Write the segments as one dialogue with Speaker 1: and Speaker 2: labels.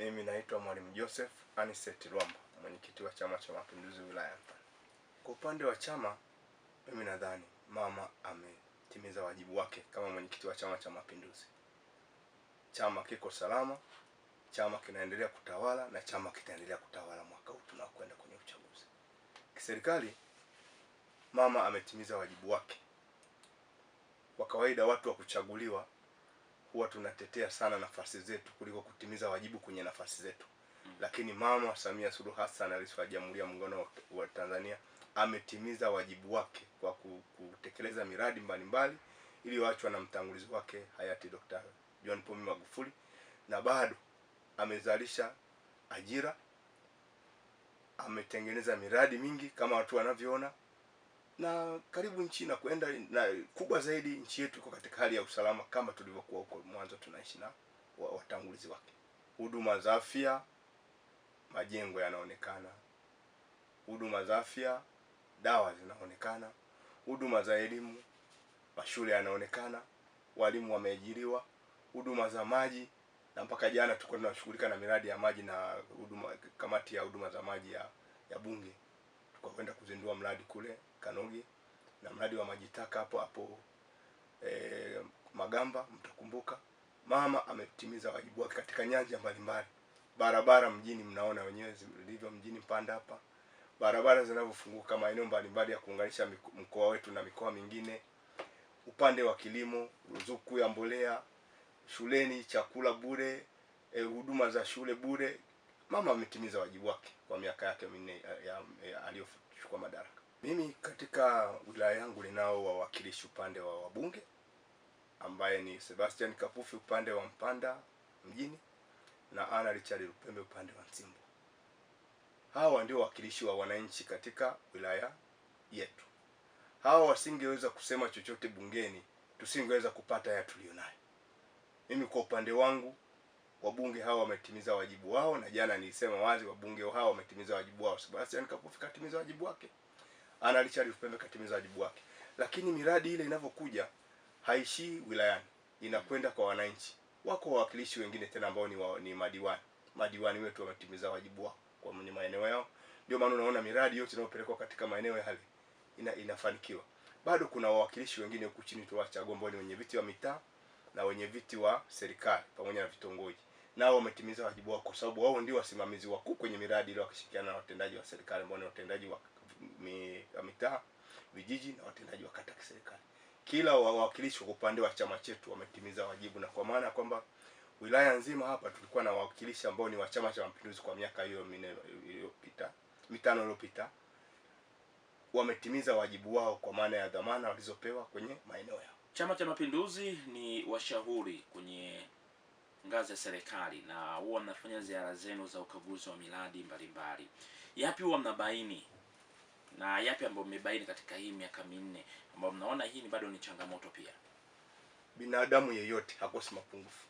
Speaker 1: Mimi naitwa Mwalimu Joseph Anicet Lwamba, mwenyekiti wa Chama cha Mapinduzi wilaya Mpanda. Kwa upande wa chama, mimi nadhani mama ametimiza wajibu wake kama mwenyekiti wa Chama cha Mapinduzi. Chama kiko salama, chama kinaendelea kutawala na chama kitaendelea kutawala mwaka huu tunakwenda kwenye uchaguzi. Kiserikali, mama ametimiza wajibu wake. Kwa kawaida watu wa kuchaguliwa huwa tunatetea sana nafasi zetu kuliko kutimiza wajibu kwenye nafasi zetu mm. lakini mama Samia Suluhu Hassan rais wa Jamhuri ya Muungano wa Tanzania ametimiza wajibu wake kwa kutekeleza miradi mbalimbali iliyoachwa na mtangulizi wake hayati Dr. John Pombe Magufuli na bado amezalisha ajira, ametengeneza miradi mingi kama watu wanavyoona, na karibu nchi kuenda na kubwa zaidi, nchi yetu iko katika hali ya usalama kama tulivyokuwa huko mwanzo tunaishi na watangulizi wake. Huduma za afya, majengo yanaonekana, huduma za afya, dawa zinaonekana, huduma za elimu, mashule yanaonekana, walimu wameajiriwa, huduma za maji, na mpaka jana tulikuwa tunashughulika na miradi ya maji na huduma, kamati ya huduma za maji ya, ya Bunge tukakwenda kuzindua mradi kule Kanogi na mradi wa majitaka hapo hapo e, Magamba, mtakumbuka mama ametimiza wajibu wake katika nyanja mbalimbali. Barabara mjini mnaona wenyewe zilivyo mjini Mpanda hapa, barabara zinavyofunguka maeneo mbalimbali ya kuunganisha mkoa wetu na mikoa mingine, upande wa kilimo, ruzuku ya mbolea, shuleni chakula bure, e, huduma e, za shule bure, mama ametimiza wajibu wake kwa miaka yake minne eh, eh, aliyochukua madaraka. Mimi katika wilaya yangu ninao wawakilishi upande wa wabunge ambaye ni Sebastian Kapufi upande wa Mpanda mjini na Anna Richard Lupembe upande wa Nsimbo. Hawa ndio wawakilishi wa wananchi katika wilaya yetu. Hawa wasingeweza kusema chochote bungeni, tusingeweza kupata haya tuliyonayo. Mimi kwa upande wangu wabunge hao wametimiza wajibu wao, na jana nilisema wazi wabunge hao wametimiza wajibu wao. Sebastian Kapufi katimiza wajibu wake, ana Richard Lupembe katimiza wajibu wake, lakini miradi ile inavyokuja haishii wilayani, inakwenda kwa wananchi. Wako wawakilishi wengine tena ambao ni, wa, ni madiwani. Madiwani wetu wametimiza wajibu wao kwa maeneo yao, ndio maana unaona miradi yote inayopelekwa katika maeneo yale ina, inafanikiwa. Bado kuna wawakilishi wengine huku chini tuwachagua ambao ni wenye viti wa mitaa na wenye viti wa serikali pamoja na vitongoji nao wametimiza wajibu wao, kwa sababu wao ndio wasimamizi wakuu kwenye miradi ile, wakishirikiana na watendaji wa serikali ambao ni watendaji wa mitaa, vijiji na watendaji wa kata kiserikali. Kila wawakilishi kwa upande wa chama chetu wametimiza wajibu, na kwa maana ya kwamba wilaya nzima hapa tulikuwa na wawakilishi ambao ni wa Chama cha Mapinduzi kwa miaka hiyo iliyopita mitano iliyopita wametimiza wajibu wao kwa maana ya dhamana walizopewa kwenye maeneo yao.
Speaker 2: Chama cha Mapinduzi ni washauri kwenye ngazi ya serikali na huwa mnafanya ziara zenu za ukaguzi wa miradi mbalimbali, yapi huwa mnabaini na yapi ambayo mmebaini katika hii miaka minne ambayo mnaona hii ni bado ni changamoto? Pia
Speaker 1: binadamu yeyote hakosi mapungufu.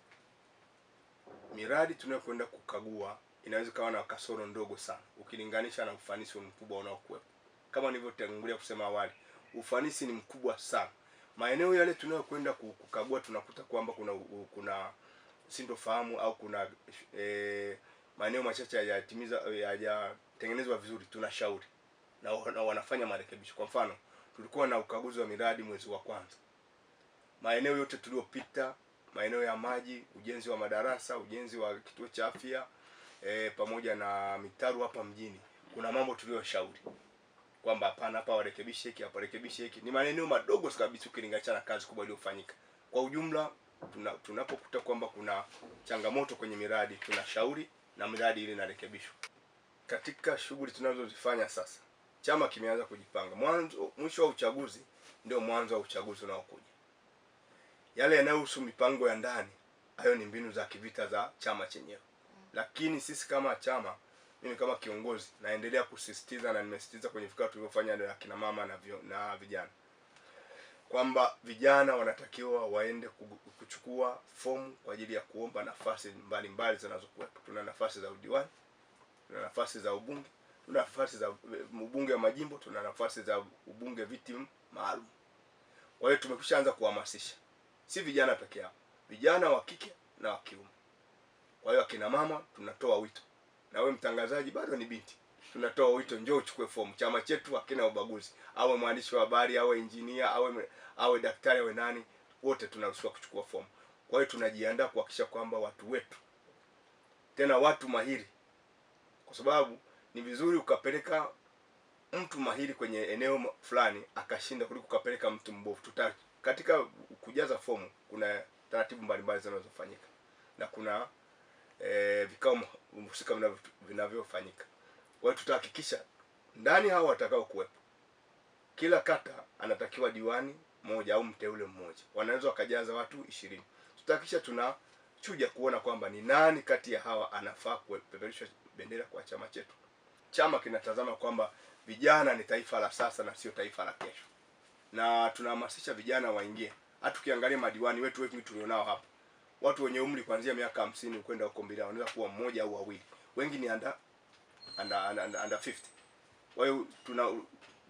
Speaker 1: Miradi tunayokwenda kukagua inaweza kawa na kasoro ndogo sana ukilinganisha na ufanisi mkubwa unaokuwepo. Kama nilivyotangulia kusema awali, ufanisi ni mkubwa sana. Maeneo yale tunayokwenda kukagua tunakuta kwamba kuna kuna sintofahamu au kuna e, eh, maeneo machache hayatimiza hayatengenezwa vizuri, tunashauri na, na wanafanya marekebisho. Kwa mfano, tulikuwa na ukaguzi wa miradi mwezi wa kwanza, maeneo yote tuliyopita, maeneo ya maji, ujenzi wa madarasa, ujenzi wa kituo cha afya e, pamoja na mitaru hapa mjini, kuna mambo tuliyoshauri kwamba hapana, hapa warekebishe hiki, hapa warekebishe hiki. Ni maeneo madogo kabisa ukilinganisha na kazi kubwa iliyofanyika kwa ujumla tuna, tunapokuta kwamba kuna changamoto kwenye miradi tunashauri na miradi ile inarekebishwa. Katika shughuli tunazozifanya sasa, chama kimeanza kujipanga. Mwanzo mwisho wa uchaguzi ndio mwanzo wa uchaguzi unaokuja. Yale yanayohusu mipango ya ndani, hayo ni mbinu za kivita za chama chenyewe, lakini sisi kama chama mimi kama kiongozi naendelea kusisitiza na nimesisitiza kwenye vikao tulivyofanya na kina mama na, na vijana kwamba vijana wanatakiwa waende kuchukua fomu kwa ajili ya kuomba nafasi mbalimbali zinazokuwepo. Tuna nafasi za udiwani, tuna nafasi za ubunge, tuna nafasi za eh, ubunge wa majimbo, tuna nafasi za ubunge viti maalum. Kwa hiyo tumekwishaanza kuhamasisha, si vijana peke yao, vijana wa kike na wa kiume. Kwa hiyo akina mama tunatoa wito, na we mtangazaji bado ni binti tunatoa wito, njoo uchukue fomu. Chama chetu hakina ubaguzi, awe mwandishi wa habari, awe injinia, awe awe daktari, awe nani, wote tunaruhusiwa kuchukua fomu. Kwa hiyo tunajiandaa kuhakikisha kwamba watu wetu tena watu mahiri, kwa sababu ni vizuri ukapeleka mtu mahiri kwenye eneo fulani akashinda kuliko ukapeleka mtu mbovu. Tuta katika kujaza fomu kuna taratibu mbalimbali zinazofanyika na kuna e, vikao husika vinavyofanyika. Kwa tutahakikisha ndani hao watakao kuwepo, kila kata anatakiwa diwani moja au mteule mmoja, wanaweza wakajaza watu ishirini. Tutahakikisha chuja kuona kwamba ni nani kati ya hawa anafaa kupeperusha bendera kwa chama chetu. Chama kinatazama kwamba vijana ni taifa la sasa na sio taifa la kesho, na tunahamasisha vijana waingie. Hata ukiangalia madiwani wetu wengi tulionao hapa, watu wenye umri kuanzia miaka hamsini kwenda huko mbili wanaweza kuwa mmoja au wawili, wengi ni anda under, under, under 50. Kwa hiyo tuna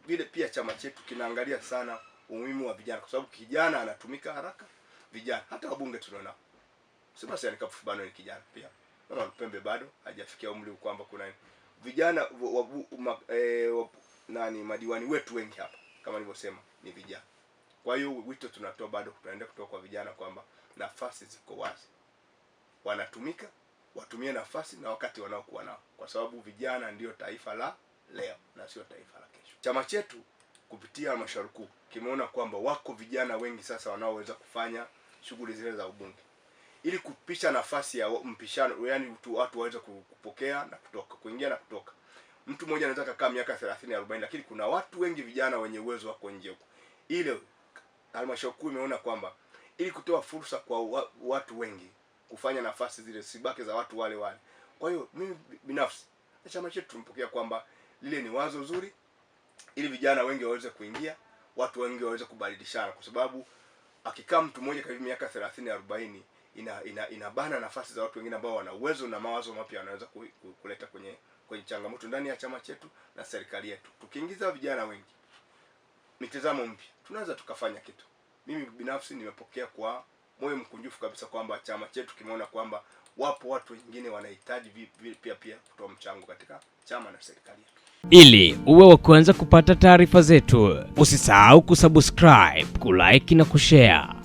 Speaker 1: vile pia chama chetu kinaangalia sana umuhimu wa vijana, kwa sababu kijana anatumika haraka. Vijana hata wabunge tunaona Sebastian Kafufi bado ni kijana pia, mama Mpembe bado hajafikia umri kwamba kuna vijana wabu, e, wabu, nani madiwani wetu wengi hapa kama nilivyosema ni vijana. Kwa hiyo wito tunatoa bado tunaendelea kutoa kwa vijana kwamba nafasi ziko wazi, wanatumika watumie nafasi na wakati wanaokuwa nao, kwa sababu vijana ndiyo taifa la leo na sio taifa la kesho. Chama chetu kupitia halmashauri kuu kimeona kwamba wako vijana wengi sasa wanaoweza kufanya shughuli zile za ubunge ili kupisha nafasi ya mpishano, yani watu waweze kupokea na kutoka, kuingia na kutoka. Mtu mmoja anaweza kukaa miaka 30 40, lakini kuna watu wengi vijana wenye uwezo wako nje huko. Ile halmashauri kuu imeona kwamba ili kutoa fursa kwa watu wengi kufanya nafasi zile sibake za watu wale wale. Kwa hiyo mimi binafsi chama chetu tumpokea kwamba lile ni wazo zuri, ili vijana wengi waweze kuingia, watu wengi waweze kubadilishana, kwa sababu akikaa mtu mmoja karibu miaka 30 40 ina, ina inabana nafasi za watu wengine ambao wana uwezo na mawazo mapya wanaweza kuleta kwenye kwenye changamoto ndani ya chama chetu na serikali yetu. Tukiingiza vijana wengi, mitazamo mpya, tunaweza tukafanya kitu. Mimi binafsi nimepokea kwa moyo mkunjufu kabisa kwamba chama chetu kimeona kwamba wapo watu wengine wanahitaji pia pia kutoa mchango katika chama na serikali
Speaker 3: yetu. Ili uwe wa kuanza kupata taarifa zetu, usisahau kusubscribe, kulike na kushare.